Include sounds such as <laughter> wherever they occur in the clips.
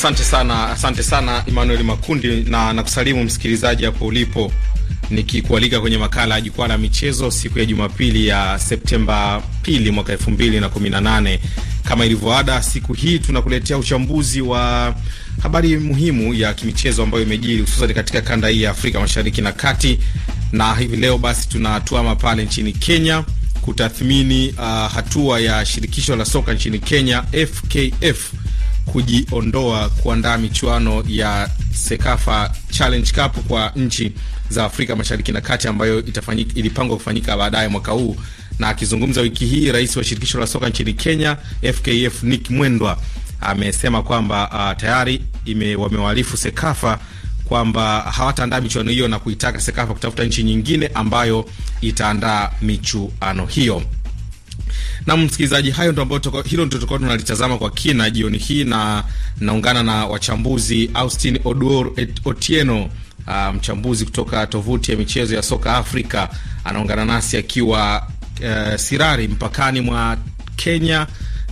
Asante sana, asante sana Emmanuel Makundi, na nakusalimu msikilizaji hapo ulipo, nikikualika kwenye makala ya jukwaa la michezo siku ya Jumapili ya Septemba pili mwaka elfu na kumi na nane. Kama ilivyoada, siku hii tunakuletea uchambuzi wa habari muhimu ya kimichezo ambayo imejiri hususan katika kanda hii ya Afrika Mashariki na Kati, na hivi leo basi tunatuama pale nchini Kenya kutathmini uh, hatua ya shirikisho la soka nchini Kenya FKF kujiondoa kuandaa michuano ya Sekafa Challenge Cup kwa nchi za Afrika Mashariki na Kati ambayo itafanyika, ilipangwa kufanyika baadaye mwaka huu. Na akizungumza wiki hii, rais wa shirikisho la soka nchini Kenya FKF Nick Mwendwa amesema kwamba uh, tayari wamewalifu Sekafa kwamba hawataandaa michuano hiyo na kuitaka Sekafa kutafuta nchi nyingine ambayo itaandaa michuano hiyo. Na msikilizaji, hayo ndo ambayo hilo ndio tulikuwa tunalitazama kwa kina jioni hii, na naungana na wachambuzi Austin Oduor Otieno, uh, mchambuzi kutoka tovuti ya michezo ya soka Afrika, anaungana nasi akiwa uh, Sirari mpakani mwa Kenya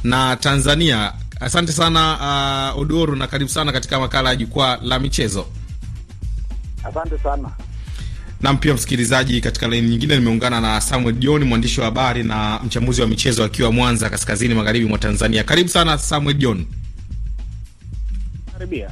na Tanzania. Asante sana uh, Oduor, na karibu sana katika makala ya jukwaa la michezo. Asante sana. Nam pia msikilizaji, katika laini nyingine nimeungana na Samuel John, mwandishi wa habari na mchambuzi wa michezo akiwa Mwanza, kaskazini magharibi mwa Tanzania. Karibu sana Samuel John. Karibia.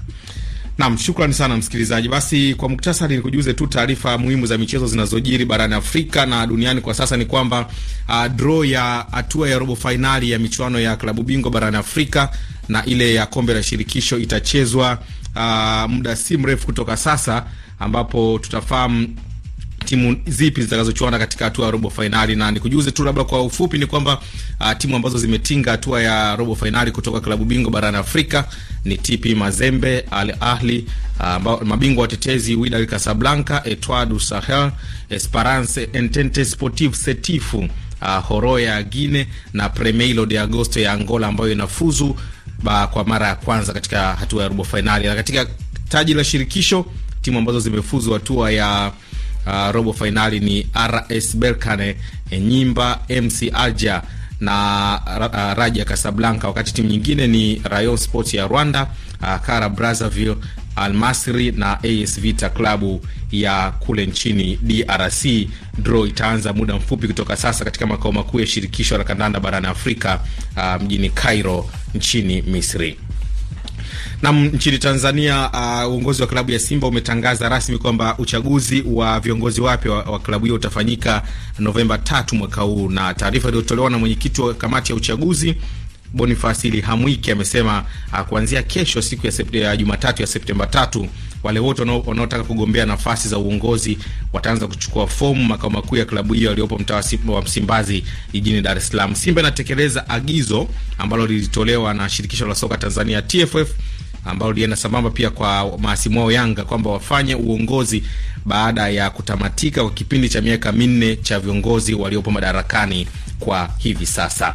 Nam, shukrani sana msikilizaji. Basi kwa muktasari, nikujuze tu taarifa muhimu za michezo zinazojiri barani Afrika na duniani kwa sasa. Ni kwamba uh, draw ya hatua ya robo fainali ya michuano ya klabu bingwa barani Afrika na ile ya kombe la shirikisho itachezwa uh, muda si mrefu kutoka sasa, ambapo tutafahamu timu zipi zitakazochuana katika hatua ya robo fainali. Na nikujuze tu labda kwa ufupi ni kwamba uh, timu ambazo zimetinga hatua ya robo fainali kutoka klabu bingwa barani Afrika ni TP Mazembe, Al Ahli, uh, mabingwa watetezi Wydad Casablanca, Etoile du Sahel, Esperance, Entente Sportive Setifu, uh, Horoya ya Guine na Premeilo de Agosto ya Angola ambayo inafuzu ba, kwa mara ya kwanza katika hatua ya robo fainali. Na katika taji la shirikisho timu ambazo zimefuzu hatua ya uh, robo fainali ni RS Berkane, eh, Nyimba MC aja na uh, Raja Casablanca, wakati timu nyingine ni Rayon Sports ya Rwanda, uh, Kara Brazzaville, Almasri na AS Vita klabu ya kule nchini DRC. Draw itaanza muda mfupi kutoka sasa katika makao makuu ya shirikisho la kandanda barani Afrika, uh, mjini Cairo nchini Misri. Nam, nchini Tanzania uh, uongozi uh, wa klabu ya Simba umetangaza rasmi kwamba uchaguzi wa viongozi wapya wa, wa klabu hiyo utafanyika Novemba tatu mwaka huu, na taarifa iliyotolewa na mwenyekiti wa kamati ya uchaguzi Bonifasi Lihamwiki amesema uh, kuanzia kesho siku ya, ya Jumatatu ya Septemba tatu wale wote wanaotaka kugombea nafasi za uongozi wataanza kuchukua fomu makao makuu ya klabu hiyo yaliyopo mtaa wa Msimbazi jijini Dar es Salaam. Simba inatekeleza agizo ambalo lilitolewa na shirikisho la soka Tanzania TFF ambao lilienda sambamba pia kwa maasimu wao Yanga kwamba wafanye uongozi baada ya kutamatika kwa kipindi cha miaka minne cha viongozi waliopo madarakani kwa hivi sasa.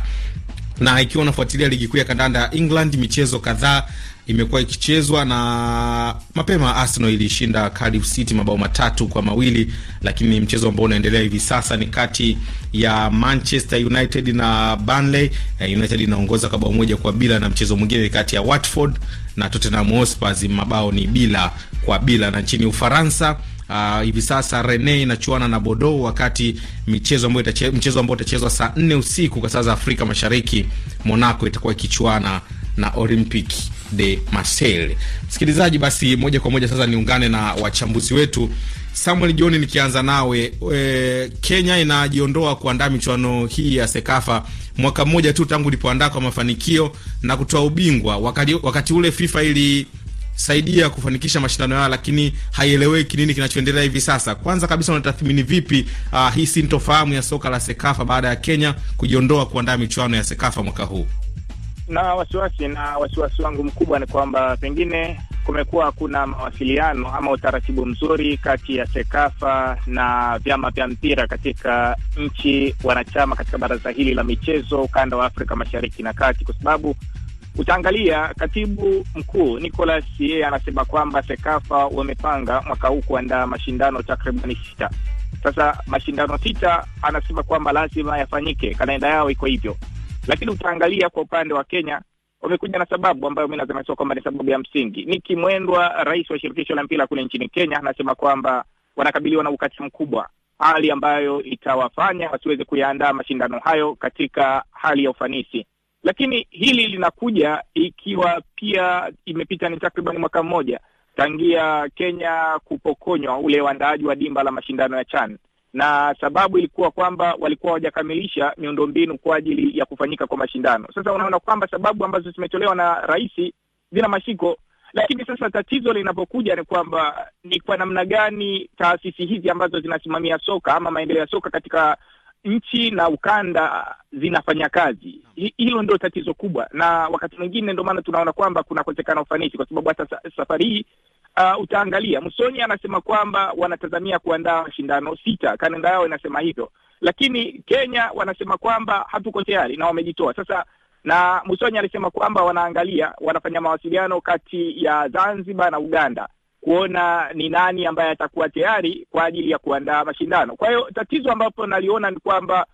Na ikiwa unafuatilia ligi kuu ya kandanda ya England, michezo kadhaa imekuwa ikichezwa na mapema, Arsenal ilishinda Cardiff City mabao matatu kwa mawili, lakini mchezo ambao unaendelea hivi sasa ni kati ya Manchester United na Burnley. Eh, United inaongoza kwa bao moja kwa bila, na mchezo mwingine kati ya Watford na Tottenham Hotspur mabao ni bila kwa bila. Na nchini Ufaransa uh, hivi sasa Rennes inachuana na Bordeaux, wakati michezo ambayo mchezo ambao utachezwa saa nne usiku kwa saa za Afrika Mashariki, Monaco itakuwa ikichuana na Olympique de Marseille. Msikilizaji, basi moja kwa moja sasa niungane na wachambuzi wetu Samuel joni nikianza nawe e, Kenya inajiondoa kuandaa michuano hii ya Sekafa mwaka mmoja tu tangu ilipoandaa kwa mafanikio na kutoa ubingwa. Wakati, wakati ule FIFA ilisaidia kufanikisha mashindano yao, lakini haieleweki nini kinachoendelea hivi sasa. Kwanza kabisa unatathmini vipi uh, hii sintofahamu ya soka la Sekafa baada ya Kenya kujiondoa kuandaa michuano ya Sekafa mwaka huu? na wasiwasi na wasiwasi wangu mkubwa ni kwamba pengine kumekuwa hakuna mawasiliano ama utaratibu mzuri kati ya Sekafa na vyama vya mpira katika nchi wanachama katika baraza hili la michezo ukanda wa Afrika Mashariki na Kati, kwa sababu utaangalia katibu mkuu Nicolas yeye anasema kwamba Sekafa wamepanga mwaka huu kuandaa mashindano takribani sita. Sasa mashindano sita, anasema kwamba lazima yafanyike, kalenda yao iko hivyo lakini utaangalia kwa upande wa Kenya wamekuja na sababu ambayo mi nasema sio kwamba ni sababu ya msingi. Niki Mwendwa, rais wa shirikisho la mpira kule nchini Kenya, anasema kwamba wanakabiliwa na ukati mkubwa, hali ambayo itawafanya wasiweze kuyaandaa mashindano hayo katika hali ya ufanisi. Lakini hili linakuja ikiwa pia imepita ni takriban mwaka mmoja tangia Kenya kupokonywa ule uandaaji wa dimba la mashindano ya CHAN na sababu ilikuwa kwamba walikuwa hawajakamilisha miundombinu kwa ajili ya kufanyika kwa mashindano. Sasa unaona kwamba sababu ambazo zimetolewa na rais zina mashiko, lakini sasa tatizo linapokuja ni kwamba ni kwa namna gani taasisi hizi ambazo zinasimamia soka ama maendeleo ya soka katika nchi na ukanda zinafanya kazi. Hilo ndio tatizo kubwa, na wakati mwingine ndio maana tunaona kwamba kunakosekana ufanisi, kwa sababu hata safari hii uh, utaangalia Musonyi anasema kwamba wanatazamia kuandaa mashindano sita, kalenda yao inasema hivyo, lakini Kenya wanasema kwamba hatuko tayari na wamejitoa sasa na Musonyi alisema kwamba wanaangalia, wanafanya mawasiliano kati ya Zanzibar na Uganda kuona ni nani ambaye atakuwa tayari kwa ajili ya kuandaa mashindano. Kwa hiyo tatizo ambapo naliona ni kwamba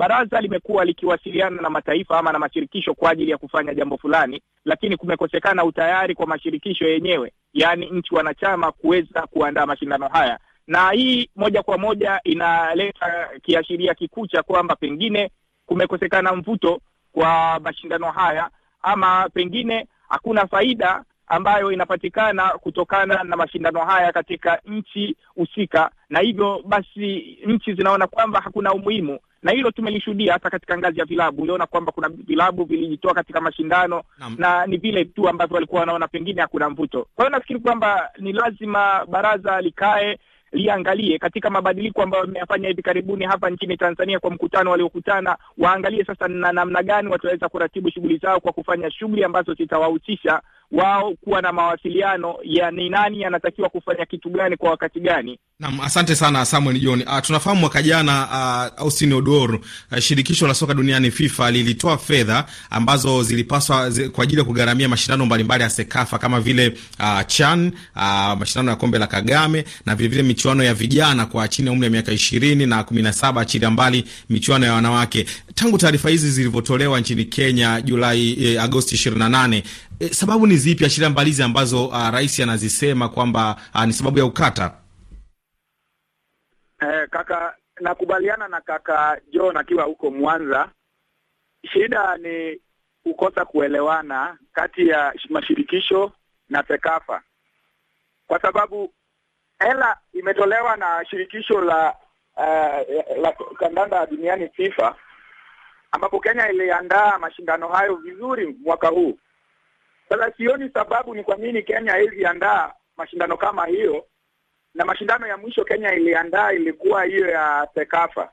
baraza limekuwa likiwasiliana na mataifa ama na mashirikisho kwa ajili ya kufanya jambo fulani, lakini kumekosekana utayari kwa mashirikisho yenyewe, yaani nchi wanachama kuweza kuandaa mashindano haya, na hii moja kwa moja inaleta kiashiria kikuu cha kwamba pengine kumekosekana mvuto kwa mashindano haya, ama pengine hakuna faida ambayo inapatikana kutokana na mashindano haya katika nchi husika, na hivyo basi nchi zinaona kwamba hakuna umuhimu na hilo tumelishuhudia hata katika ngazi ya vilabu. Uliona kwamba kuna vilabu vilijitoa katika mashindano na, na ni vile tu ambavyo walikuwa wanaona pengine hakuna mvuto. Kwa hiyo nafikiri kwamba ni lazima baraza likae liangalie katika mabadiliko ambayo wameyafanya hivi karibuni hapa nchini Tanzania kwa mkutano waliokutana, waangalie sasa na namna gani wataweza kuratibu shughuli zao kwa kufanya shughuli ambazo zitawahusisha wao kuwa na mawasiliano ya ni nani anatakiwa kufanya kitu gani kwa wakati gani. Naam, asante sana Samuel John. Uh, tunafahamu mwaka jana uh, Austin Odor uh, shirikisho la soka duniani FIFA lilitoa fedha ambazo zilipaswa zi, kwa ajili ya kugharamia mashindano mbalimbali ya Sekafa kama vile uh, CHAN uh, mashindano ya kombe la Kagame na vilevile michuano ya vijana kwa chini ya umri ya miaka ishirini na kumi na saba achilia mbali michuano ya wanawake tangu taarifa hizi zilivyotolewa nchini Kenya Julai eh, Agosti 28 eh, sababu ni zipi ashiria mbalizi ambazo uh, rais anazisema kwamba uh, ni sababu ya ukata? Eh, kaka nakubaliana na kaka John akiwa huko Mwanza. Shida ni kukosa kuelewana kati ya mashirikisho na Sekafa kwa sababu hela imetolewa na shirikisho la uh, la kandanda duniani FIFA ambapo Kenya iliandaa mashindano hayo vizuri mwaka huu. Sasa sioni sababu ni kwa nini Kenya haizi andaa mashindano kama hiyo, na mashindano ya mwisho Kenya iliandaa ilikuwa hiyo ya Sekafa.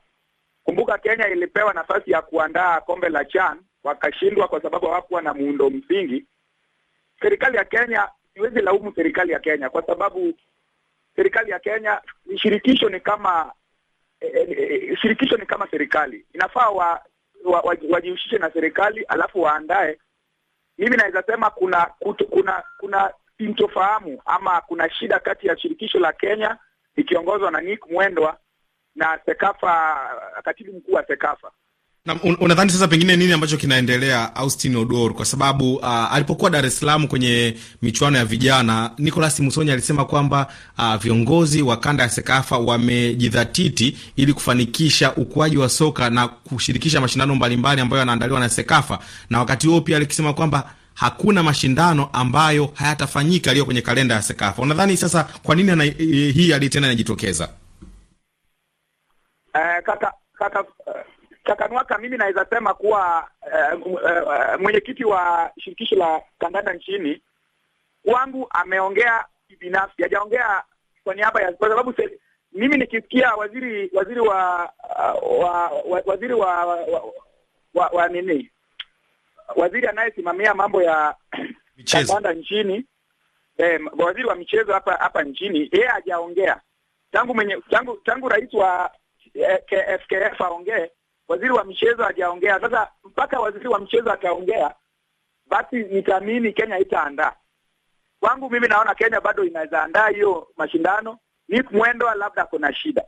Kumbuka Kenya ilipewa nafasi ya kuandaa kombe la CHAN wakashindwa kwa sababu hawakuwa na muundo msingi. Serikali ya Kenya, siwezi laumu serikali ya Kenya kwa sababu serikali ya Kenya shirikisho ni kama e, e, shirikisho ni kama serikali inafaa wa wajihusishe wa, wa, wa na serikali alafu waandae. Mimi naweza sema kuna kutu, kuna kuna sintofahamu ama kuna shida kati ya shirikisho la Kenya likiongozwa na Nick Mwendwa na Sekafa, katibu mkuu wa Sekafa unadhani sasa pengine nini ambacho kinaendelea Austin Odor, kwa sababu uh, alipokuwa Dar es Salaam kwenye michuano ya vijana, Nicolas musoni alisema kwamba uh, viongozi wa kanda ya Sekafa wamejidhatiti ili kufanikisha ukuaji wa soka na kushirikisha mashindano mbalimbali ambayo yanaandaliwa na Sekafa, na wakati huo pia alikisema kwamba hakuna mashindano ambayo hayatafanyika aliyo kwenye kalenda ya Sekafa. Unadhani sasa kwa nini hii hali tena inajitokeza? Uh, kaka, kaka, uh... Chakanwaka, mimi naweza sema kuwa uh, uh, mwenyekiti wa shirikisho la kandanda nchini kwangu ameongea kibinafsi, hajaongea kwa niaba ya, kwa sababu mimi nikisikia waziri waziri wa, uh, wa, wa waziri wa, wa, wa, wa, wa nini waziri anayesimamia mambo ya <clears throat> kandanda nchini eh, waziri wa michezo hapa hapa nchini yeye hajaongea tangu mwenye tangu tangu rais wa eh, KFKF aongee waziri wa michezo hajaongea. Sasa mpaka waziri wa michezo ataongea, basi nitaamini Kenya itaandaa. Kwangu mimi naona Kenya bado inaweza andaa hiyo mashindano. Nick Mwendwa labda kuna shida.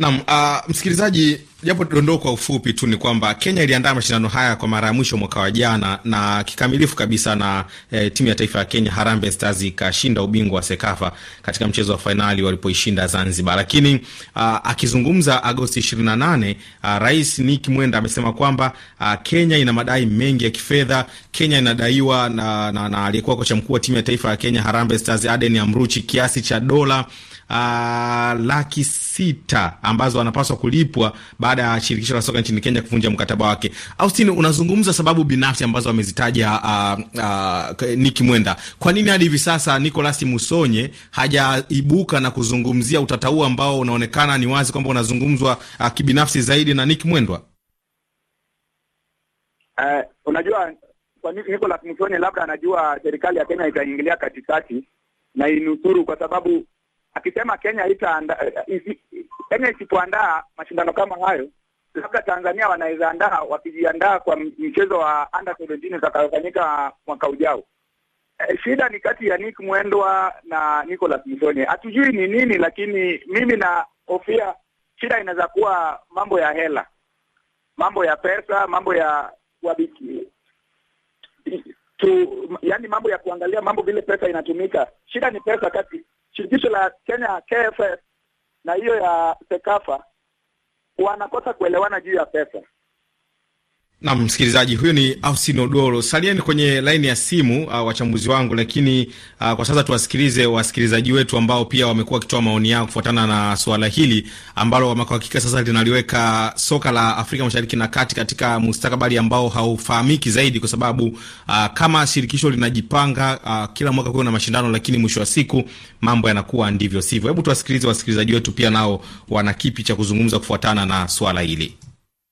Naam, uh, msikilizaji, japo dondoo kwa ufupi tu ni kwamba Kenya iliandaa mashindano haya kwa mara ya mwisho mwaka wa jana na kikamilifu kabisa, na eh, timu ya taifa ya Kenya Harambee Stars ikashinda ubingwa wa Sekafa katika mchezo wa fainali walipoishinda Zanzibar. Lakini uh, akizungumza Agosti 28 uh, ah, Rais Nick Mwenda amesema kwamba uh, Kenya ina madai mengi ya kifedha. Kenya inadaiwa na, na, na aliyekuwa kocha mkuu wa timu ya taifa ya Kenya Harambee Stars Aden Amruchi kiasi cha dola uh, laki sita ambazo wanapaswa kulipwa baada ya shirikisho la soka nchini Kenya kuvunja mkataba wake. Austin, unazungumza sababu binafsi ambazo wamezitaja uh, ah, uh, ah, Niki Mwenda, kwa nini hadi hivi sasa Nicolas Musonye hajaibuka na kuzungumzia utata huu ambao unaonekana ni wazi kwamba unazungumzwa uh, kibinafsi zaidi na Niki Mwendwa? Uh, eh, unajua kwa Nicolas Musonye labda anajua serikali ya Kenya itaingilia katikati na inusuru, kwa sababu akisema Kenya haitaandaa eh, eh, Kenya isipoandaa mashindano kama hayo, labda Tanzania wanaweza andaa wakijiandaa kwa mchezo wa under 17 utakayofanyika mwaka ujao. E, shida ni kati ya Nick Mwendwa na Nicholas Musonye, hatujui ni nini, lakini mimi na hofia shida inaweza kuwa mambo ya hela, mambo ya pesa, mambo ya wabiki tu, yani mambo ya kuangalia mambo vile pesa inatumika. Shida ni pesa kati shirikisho la Kenya KFF na hiyo ya Sekafa wanakosa kuelewana juu ya pesa. Na msikilizaji huyo ni Austin Odoro. Salieni kwenye laini ya simu uh, wachambuzi wangu, lakini uh, kwa sasa tuwasikilize wasikilizaji wetu ambao pia wamekuwa wakitoa maoni yao kufuatana na suala hili ambalo kwa hakika sasa linaliweka soka la Afrika Mashariki na Kati katika mustakabali ambao haufahamiki zaidi, kwa sababu uh, kama shirikisho linajipanga uh, kila mwaka kuwa na mashindano, lakini mwisho wa siku mambo yanakuwa ndivyo sivyo. Hebu tuwasikilize wasikilizaji wetu, pia nao wana kipi cha kuzungumza kufuatana na suala hili.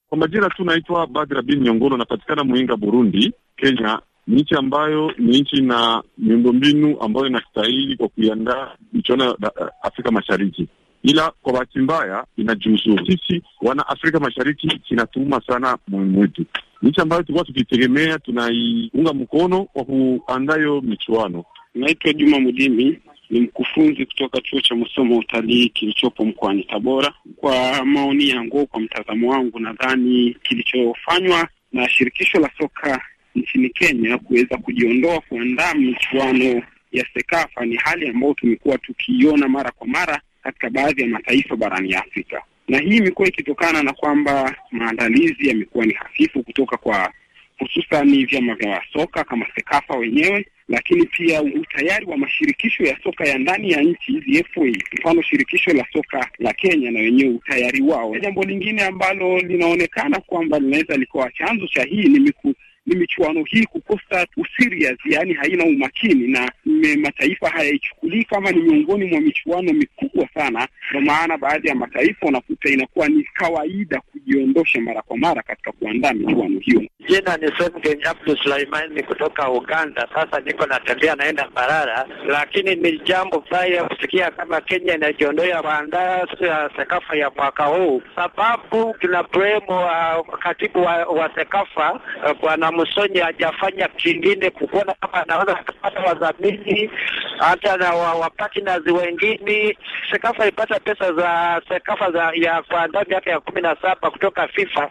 Kwa majina tu naitwa Badra bin Nyongono, napatikana Muinga, Burundi. Kenya ni nchi ambayo ni nchi na miundombinu ambayo inastahili kwa kuiandaa michuano ya eh, Afrika Mashariki, ila kwa bahati mbaya inajiuzuru. Sisi wana Afrika Mashariki kinatuuma sana muhimu wetu, nchi ambayo tulikuwa tukitegemea tunaiunga mkono kwa kuandaa hiyo michuano. Naitwa Juma Mudimi, ni mkufunzi kutoka chuo cha masomo ya utalii kilichopo mkoani Tabora. Kwa maoni yangu, kwa mtazamo wangu, nadhani kilichofanywa na shirikisho la soka nchini Kenya kuweza kujiondoa kuandaa michuano ya Sekafa ni hali ambayo tumekuwa tukiiona mara kwa mara katika baadhi ya mataifa barani Afrika, na hii imekuwa ikitokana na kwamba maandalizi yamekuwa ni hafifu kutoka kwa hususan vyama vya soka kama Sekafa wenyewe, lakini pia utayari wa mashirikisho ya soka ya ndani ya nchi hizi FA, mfano shirikisho la soka la Kenya na wenyewe utayari wao. Jambo lingine ambalo linaonekana kwamba linaweza likawa chanzo cha hii ni miku ni michuano hii kukosa userious, yaani haina umakini na mataifa hayaichukulii kama ni miongoni mwa michuano mikubwa sana. Ndio maana baadhi ya mataifa unakuta inakuwa ni kawaida kujiondosha mara kwa mara katika kuandaa michuano hiyo. Jina ni Semgen Abdu ni kutoka Uganda. Sasa niko natembea naenda Mbarara, lakini ni jambo baya kusikia kama Kenya inajiondoa waandaa ya uh, Sekafa ya mwaka huu, sababu tuna premo wa katibu wa, wa Sekafa uh, Bwana Musonyi hajafanya kingine kukuona kama anaweza kupata wadhamini hata na wa, wa partners wengine. Sekafa ipata pesa za Sekafa za ya kwa ndani yake ya kumi na saba kutoka FIFA.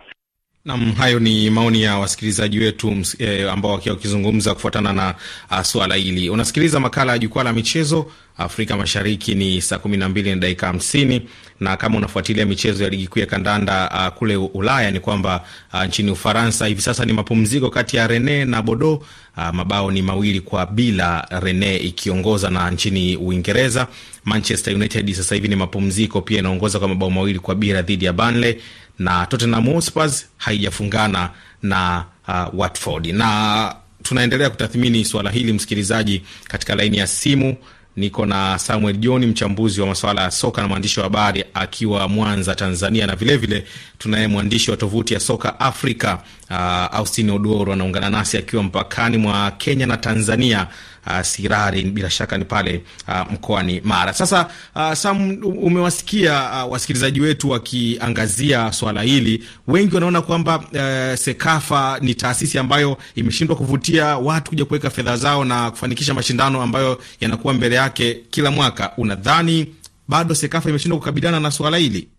Nam, hayo ni maoni ya wasikilizaji wetu e, ambao wakiwa wakizungumza kufuatana na a, ah, suala hili. Unasikiliza makala ya jukwaa la michezo Afrika Mashariki. Ni saa kumi na mbili na dakika hamsini na kama unafuatilia michezo ya ligi kuu ya kandanda a, ah, kule Ulaya ni kwamba ah, nchini Ufaransa hivi sasa ni mapumziko kati ya Rene na bodo a, mabao ni mawili kwa bila, Rene ikiongoza na nchini Uingereza Manchester United sasa hivi ni mapumziko, pia inaongoza kwa mabao mawili kwa bila dhidi ya Burnley, na Tottenham Hotspur haijafungana na uh, Watford. Na tunaendelea kutathmini suala hili msikilizaji, katika laini ya simu niko na Samuel John, mchambuzi wa masuala ya soka na mwandishi wa habari akiwa Mwanza, Tanzania, na vilevile tunaye mwandishi wa tovuti ya soka Africa uh, Austin Odoro anaungana nasi akiwa mpakani mwa Kenya na Tanzania uh, Sirari, bila shaka ni pale uh, mkoani Mara. Sasa uh, Sam, umewasikia uh, wasikilizaji wetu wakiangazia swala hili. Wengi wanaona kwamba uh, Sekafa ni taasisi ambayo imeshindwa kuvutia watu kuja kuweka fedha zao na kufanikisha mashindano ambayo yanakuwa mbele yake kila mwaka. Unadhani bado Sekafa imeshindwa kukabiliana na swala hili?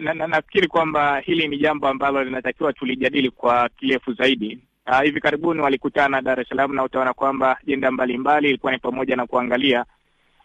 Nafikiri na, na, kwamba hili ni jambo ambalo linatakiwa tulijadili kwa kirefu zaidi, Uh, hivi karibuni walikutana Dar es Salaam na utaona kwamba ajenda mbalimbali ilikuwa ni pamoja na kuangalia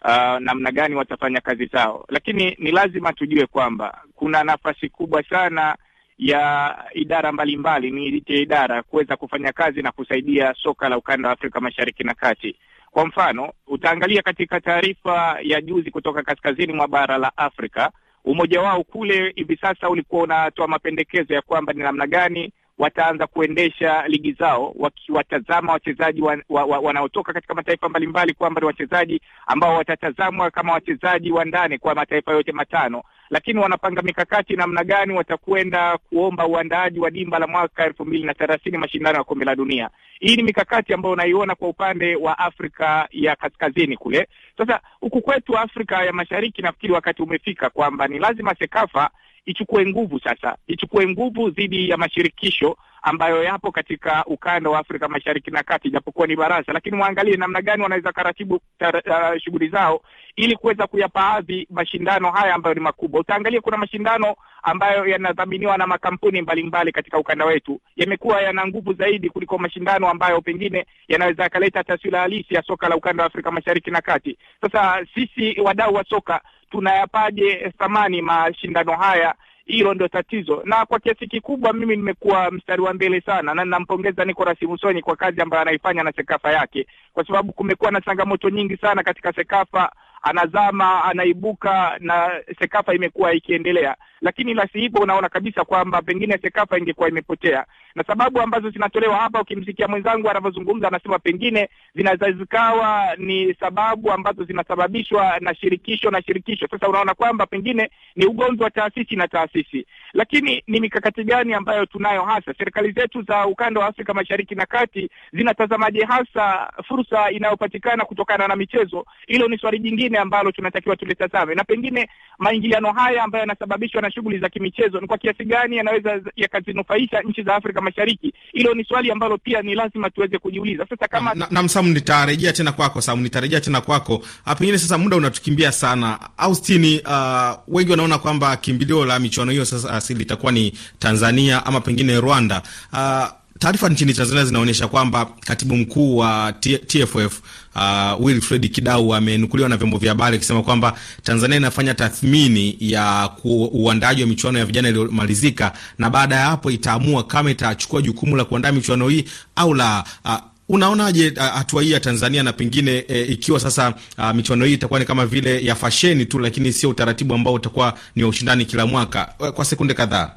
uh, namna gani watafanya kazi zao, lakini ni lazima tujue kwamba kuna nafasi kubwa sana ya idara mbalimbali ni ite idara kuweza kufanya kazi na kusaidia soka la ukanda wa Afrika Mashariki na Kati. Kwa mfano, utaangalia katika taarifa ya juzi kutoka kaskazini mwa bara la Afrika, umoja wao kule hivi sasa ulikuwa unatoa mapendekezo ya kwamba ni namna gani wataanza kuendesha ligi zao wakiwatazama wachezaji wa, wa, wa, wanaotoka katika mataifa mbalimbali kwamba ni wachezaji ambao watatazamwa kama wachezaji wa ndani kwa mataifa yote matano lakini wanapanga mikakati namna gani watakwenda kuomba uandaaji wa dimba la mwaka elfu mbili na thelathini mashindano ya kombe la dunia. Hii ni mikakati ambayo unaiona kwa upande wa Afrika ya kaskazini kule. Sasa huku kwetu Afrika ya mashariki, nafikiri wakati umefika kwamba ni lazima Sekafa ichukue nguvu sasa, ichukue nguvu dhidi ya mashirikisho ambayo yapo katika ukanda wa Afrika Mashariki na Kati, japokuwa ni baraza, lakini waangalie namna gani wanaweza karatibu uh, shughuli zao ili kuweza kuyapaadhi mashindano haya ambayo ni makubwa. Utaangalia kuna mashindano ambayo yanadhaminiwa na makampuni mbalimbali mbali katika ukanda wetu, yamekuwa yana nguvu zaidi kuliko mashindano ambayo pengine yanaweza yakaleta taswira halisi ya soka la ukanda wa Afrika Mashariki na Kati. Sasa sisi wadau wa soka tunayapaje thamani mashindano haya? Hilo ndio tatizo, na kwa kiasi kikubwa mimi nimekuwa mstari wa mbele sana, na ninampongeza Nicolas Musoni kwa kazi ambayo anaifanya na sekafa yake kwa sababu kumekuwa na changamoto nyingi sana katika Sekafa. Anazama, anaibuka na Sekafa imekuwa ikiendelea, lakini la hipo unaona kabisa kwamba pengine Sekafa ingekuwa imepotea, na sababu ambazo zinatolewa hapa, ukimsikia mwenzangu anavyozungumza, anasema pengine zinaweza zikawa ni sababu ambazo zinasababishwa na shirikisho na shirikisho. Sasa unaona kwamba pengine ni ugomvi wa taasisi na taasisi, lakini ni mikakati gani ambayo tunayo hasa serikali zetu za ukanda wa Afrika Mashariki na Kati zinatazamaje hasa furu fursa inayopatikana kutokana na michezo, hilo ni swali jingine ambalo tunatakiwa tulitazame, na pengine maingiliano haya ambayo yanasababishwa na shughuli za kimichezo ni kwa kiasi gani yanaweza yakazinufaisha nchi za Afrika Mashariki. Hilo ni swali ambalo pia ni lazima tuweze kujiuliza. Sasa kama na, na Msamu, nitarejea tena kwako Samu, nitarejea tena kwako ah, pengine. Sasa muda unatukimbia sana, Austin. Uh, ah, wengi wanaona kwamba kimbilio la michuano hiyo sasa asili ah, litakuwa ni Tanzania ama pengine Rwanda. Uh, Taarifa nchini Tanzania zinaonyesha kwamba katibu mkuu wa TFF uh, Wilfred Kidau amenukuliwa na vyombo vya habari akisema kwamba Tanzania inafanya tathmini ya uandaji wa michuano ya vijana iliyomalizika, na baada ya hapo itaamua kama itachukua jukumu la kuandaa michuano hii au la. Uh, Unaonaje uh, hatua hii ya Tanzania na pengine e, ikiwa sasa a, uh, michuano hii itakuwa ni kama vile ya fasheni tu, lakini sio utaratibu ambao utakuwa ni wa ushindani kila mwaka? Uh, kwa sekunde kadhaa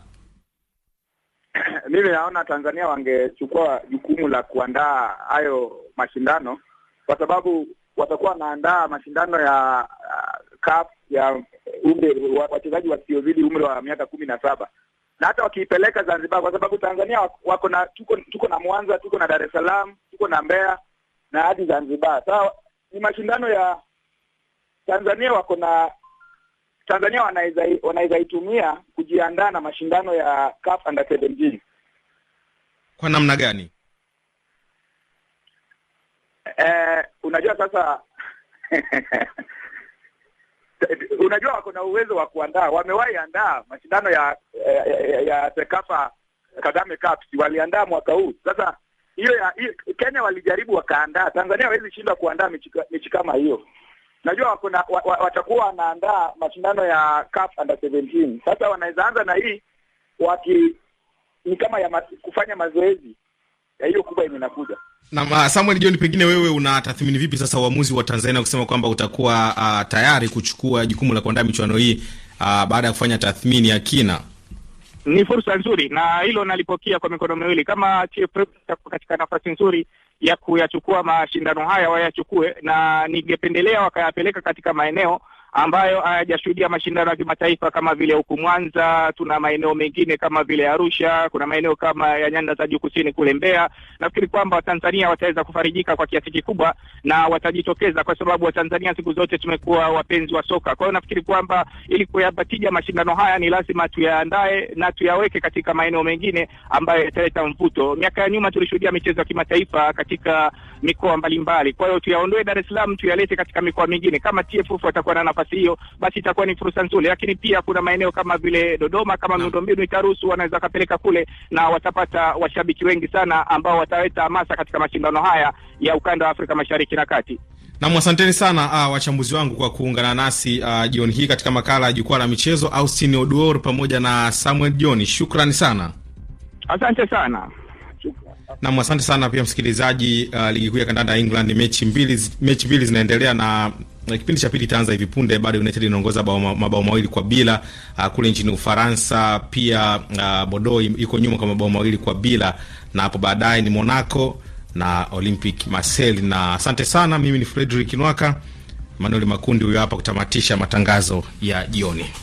mimi naona Tanzania wangechukua jukumu la kuandaa hayo mashindano, kwa sababu watakuwa wanaandaa mashindano ya uh, ya umri wa wachezaji wasiozidi umri wa miaka kumi na saba na hata wakiipeleka Zanzibar, kwa sababu Tanzania wako na tuko, tuko na Mwanza, tuko na Dar es Salaam, tuko na Mbeya na hadi Zanzibar. Sasa ni mashindano ya Tanzania wako na Tanzania wanaweza wanaweza itumia kujiandaa na mashindano ya CAF under 17 kwa namna gani? Eh, unajua sasa <laughs> unajua wako na uwezo wa kuandaa, wamewahi andaa mashindano ya ya, Sekafa Kagame Cups waliandaa mwaka huu. Sasa hiyo ya hiyo, Kenya walijaribu wakaandaa, Tanzania hawezi shindwa kuandaa michi kama hiyo. Najua wako na wa, wa, watakuwa wanaandaa mashindano ya Cup under 17. Sasa wanaweza anza na hii waki ni kama ya ma, kufanya mazoezi ya hiyo kubwa yenye inakuja. Na uh, Samuel John, pengine wewe unatathmini vipi sasa uamuzi wa Tanzania kusema kwamba utakuwa uh, tayari kuchukua jukumu la kuandaa michuano hii uh, baada ya kufanya tathmini ya kina? Ni fursa nzuri na hilo nalipokea kwa mikono miwili. Kama itakuwa katika nafasi nzuri ya kuyachukua mashindano haya wayachukue, na ningependelea wakayapeleka katika maeneo ambayo hayajashuhudia mashindano ya kimataifa kama vile huku Mwanza. Tuna maeneo mengine kama vile Arusha, kuna maeneo kama ya nyanda za juu kusini kule Mbeya. Nafikiri kwamba Watanzania wataweza kufarijika kwa kiasi kikubwa na watajitokeza, kwa sababu Watanzania siku zote tumekuwa wapenzi wa soka. Kwa hiyo nafikiri kwamba ili kuyapa tija mashindano haya ni lazima tuyaandae na tuyaweke katika maeneo mengine ambayo yataleta mvuto. Miaka ya nyuma tulishuhudia michezo ya kimataifa katika mikoa mbalimbali, kwa hiyo tuyaondoe Dar es Salaam, tuyalete katika mikoa mingine. Kama TFF watakuwa na nafasi nafasi hiyo, basi itakuwa ni fursa nzuri, lakini pia kuna maeneo kama vile Dodoma, kama miundombinu itaruhusu, wanaweza wakapeleka kule na watapata washabiki wengi sana ambao wataleta hamasa katika mashindano haya ya ukanda wa Afrika Mashariki na Kati. Nam, asanteni sana uh, wachambuzi wangu kwa kuungana nasi uh, jioni hii katika makala ya jukwaa la michezo. Austin Oduor pamoja na Samuel John, shukrani sana, asante sana. Nam, asante sana pia msikilizaji. Uh, ligi kuu ya kandanda ya England mechi mbili, mechi mbili zinaendelea na eh, kipindi cha pili itaanza hivi punde. Bado United inaongoza mabao mawili kwa bila. Uh, kule nchini Ufaransa pia uh, Bordeaux iko nyuma kwa mabao mawili kwa bila, na hapo baadaye ni Monaco na Olympic Marseille. Na asante sana, mimi ni Fredrick Nwaka. Manuel Makundi huyo hapa kutamatisha matangazo ya jioni.